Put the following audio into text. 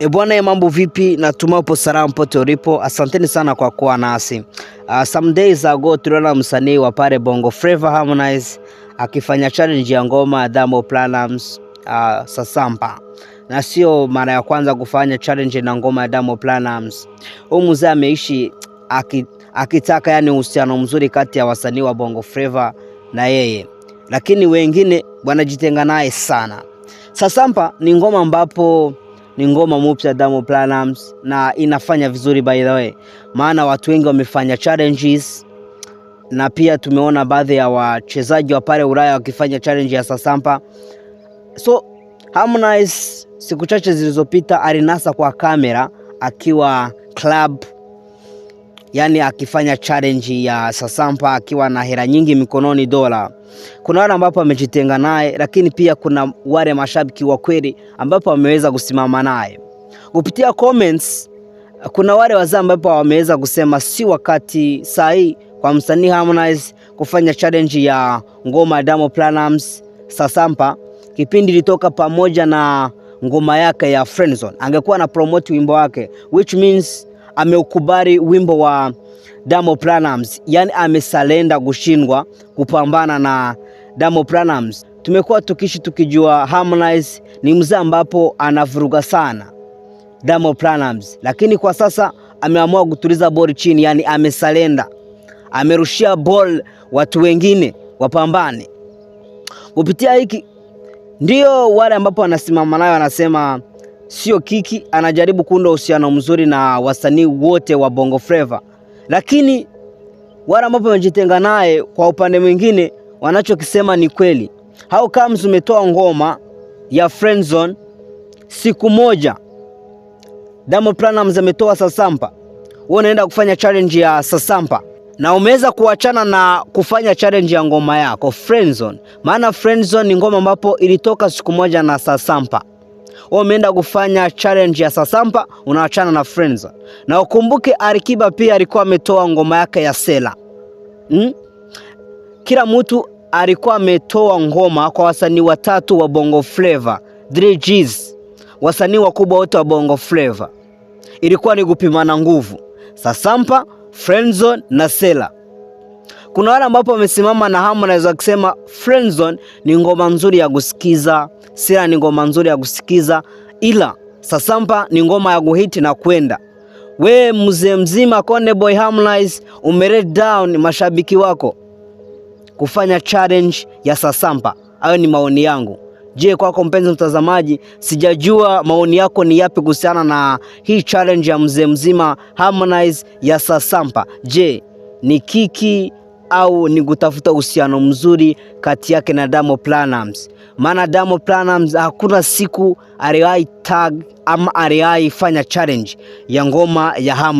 E bwana, mambo vipi? Natumai upo salama pote ulipo. Asanteni sana kwa kuwa nasi. Uh, some days ago tuliona msanii wa pale Bongo Flava Harmonize akifanya challenge ya ngoma ya Diamond Platnumz uh, Sasamba, na sio mara ya kwanza kufanya challenge na ngoma ya Diamond Platnumz. Huyu mzee ameishi akitaka yani uhusiano mzuri kati ya wasanii wa Bongo Flava na yeye, lakini wengine wanajitenga naye sana. Sasampa ni ngoma ambapo ni ngoma mupya Damo Platnumz na inafanya vizuri by the way, maana watu wengi wamefanya challenges na pia tumeona baadhi ya wachezaji wa pale Ulaya wakifanya challenge ya Sasampa. So Harmonize siku chache zilizopita alinasa kwa kamera akiwa club yani akifanya challenge ya Sasampa akiwa na hera nyingi mikononi dola. Kuna wale ambapo amejitenga naye, lakini pia kuna wale mashabiki wa kweli ambapo wameweza kusimama naye kupitia comments. Kuna wale wazee ambapo wameweza kusema si wakati sahihi kwa msanii Harmonize kufanya challenge ya ngoma Diamond Platnumz Sasampa, kipindi ilitoka pamoja na ngoma yake ya Friendzone, angekuwa na promote wimbo wake which means ameukubali wimbo wa Damo Pranams, yani amesalenda kushindwa kupambana na Damo Pranams. Tumekuwa tukishi tukijua Harmonize ni mzee ambapo anavuruga sana Damo Pranams, lakini kwa sasa ameamua kutuliza boli chini, yani amesalenda, amerushia ball watu wengine wapambane kupitia hiki. Ndiyo wale ambapo wanasimama nayo wanasema sio kiki, anajaribu kuunda uhusiano mzuri na wasanii wote wa Bongo Flava, lakini wale ambao wamejitenga naye kwa upande mwingine wanachokisema ni kweli. How comes umetoa ngoma ya friendzone siku moja, Diamond Platnumz ametoa Sasampa, wewe unaenda kufanya challenge ya Sasampa na umeweza kuachana na kufanya challenge ya ngoma yako friendzone, maana friendzone ni ngoma ambapo ilitoka siku moja na Sasampa wameenda kufanya challenge ya Sasampa, unaachana na friends. Na ukumbuke Alikiba pia alikuwa ametoa ngoma yake ya Sela hmm? Kila mtu alikuwa ametoa ngoma kwa wasanii watatu wa Bongo Flava, 3 G's, wasanii wakubwa wote wa Bongo Flava. Ilikuwa ni kupimana nguvu, Sasampa, Friendzone na Sela. Kuna wale ambapo wamesimama na hamu, Harmonize wakisema friendzone ni ngoma nzuri ya kusikiza, sira ni ngoma nzuri ya kusikiza, ila Sasampa ni ngoma ya kuhiti na kwenda. We mzee mzima Konde Boy Harmonize umeret down mashabiki wako kufanya challenge ya Sasampa. Hayo ni maoni yangu. Je, kwako mpenzi mtazamaji, sijajua maoni yako ni yapi kuhusiana na hii challenge ya mzee mzima Harmonize ya Sasampa? Je, ni kiki au ni kutafuta uhusiano mzuri kati yake na Diamond Platnumz, maana Diamond Platnumz hakuna siku aliwahi tag ama aliwahi fanya challenge ya ngoma ya Harmonize.